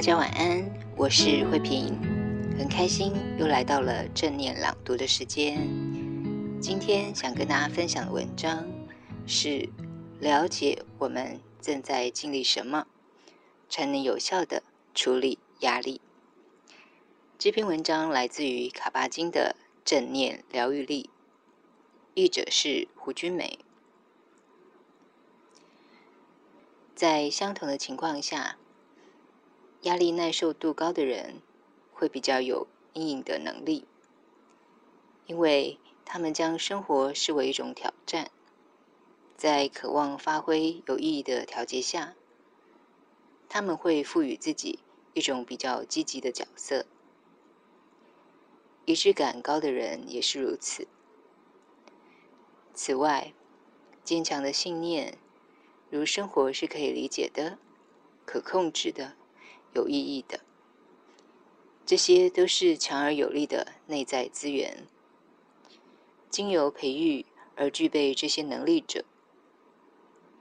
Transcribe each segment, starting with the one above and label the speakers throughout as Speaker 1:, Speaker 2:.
Speaker 1: 大家晚安，我是慧萍，很開心又來到了正念朗讀的時間。今天想跟大家分享的文章是了解我們正在經歷什麼，才能有效的處理壓力。這篇文章來自於卡巴金的《正念療癒力》，譯者是胡君梅。在相同的情況下。壓力耐受度高的人會比較有因應的能力，因為他們將生活視為一種挑戰，在渴望發揮有意義的調節下，他們會賦予自己一種比較積極的角色。一致感高的人也是如此。此外，堅強的信念，如生活是可以理解的、可控制的。有意義的，這些都是強而有力的內在資源。經由培育而具備這些能力者，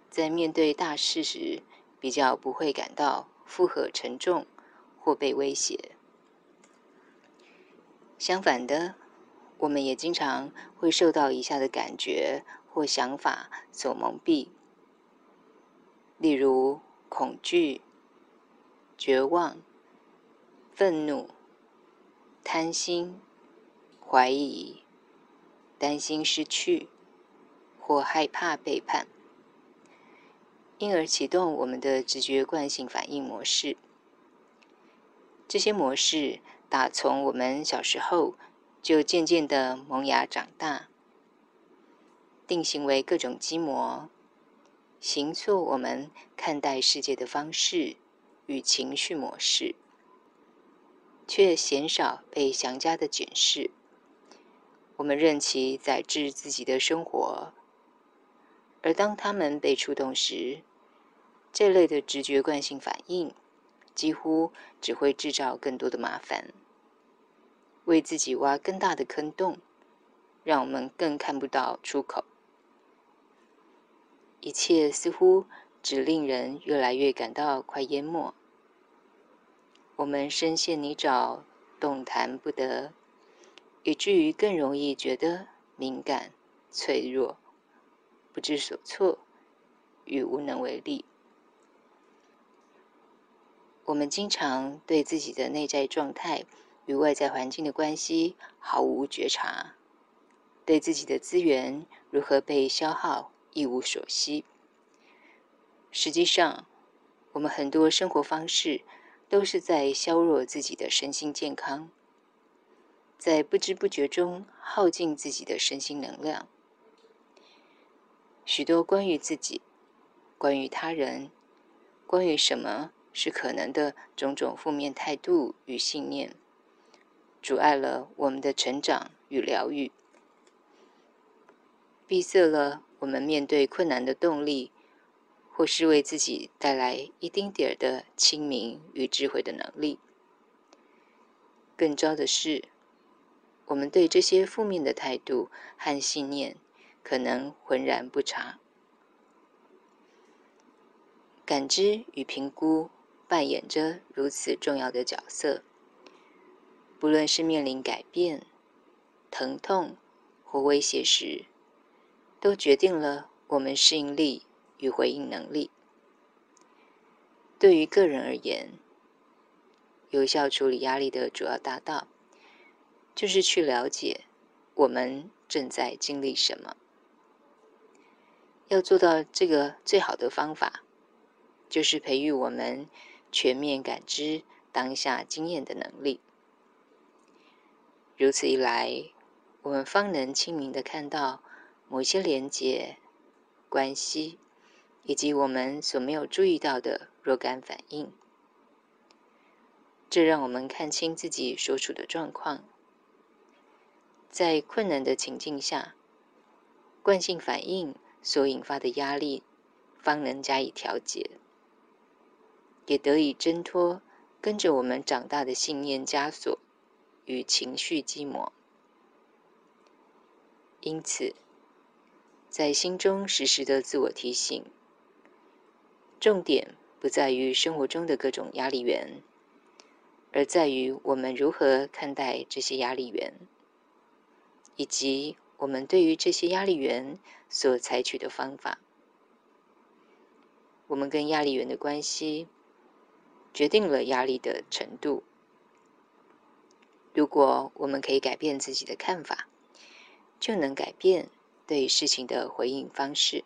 Speaker 1: 在面對大事時，比較不會感到負荷沉重或被威脅。相反的，我們也經常會受到以下的感覺或想法所蒙蔽，例如恐懼、絕望、憤怒、貪心、懷疑、擔心失去或害怕背叛，因而啟動我們的直覺慣性反應模式。這些模式打從我們小時候就漸漸的萌芽長大，定型為各種基模，形塑我們看待世界的方式。與情緒模式，卻鮮少被詳加的解釋。我們任其宰制自己的生活，而當他們被觸動時，這類的直覺慣性反應，幾乎只會製造更多的麻煩，為自己挖更大的坑洞，讓我們更看不到出口。一切似乎只令人越來越感到快淹沒。我們深陷泥沼，動彈不得，以至於更容易覺得敏感、脆弱、不知所措與無能為力。我們經常對自己的內在狀態與外在環境的關係毫無覺察，對自己的資源如何被消耗亦無所悉。實際上，我們很多生活方式，都是在削弱自己的身心健康，在不知不覺中耗盡自己的身心能量。許多關於自己、關於他人、關於什麼是可能的種種負面態度與信念，阻礙了我們的成長與療癒，閉塞了我們面對困難的動力。或是為自己帶來一丁點兒的清明與智慧的能力。更糟的是，我們對這些負面的態度和信念可能渾然不察。感知與評估扮演着如此重要的角色，不論是面臨改變、疼痛或威脅時，都決定了我們適應力。與回應能力，對於個人而言，有效處理壓力的主要大道，就是去了解我們正在經歷什麼。要做到這個，最好的方法，就是培育我們全面感知當下經驗的能力。如此一來，我們方能清明地看到某些連結關係。以及我們所沒有注意到的若干反應，這讓我們看清自己所處的狀況。在困難的情境下，慣性反應所引發的壓力，方能加以調節，也得以掙脫跟着我們長大的信念枷鎖與情緒寂寞。因此，在心中時時的自我提醒。重點不在於生活中的各種壓力源，而在於我們如何看待這些壓力源，以及我們對於這些壓力源所採取的方法。我們跟壓力源的關係決定了壓力的程度。如果我們可以改變自己的看法，就能改變對於事情的回應方式。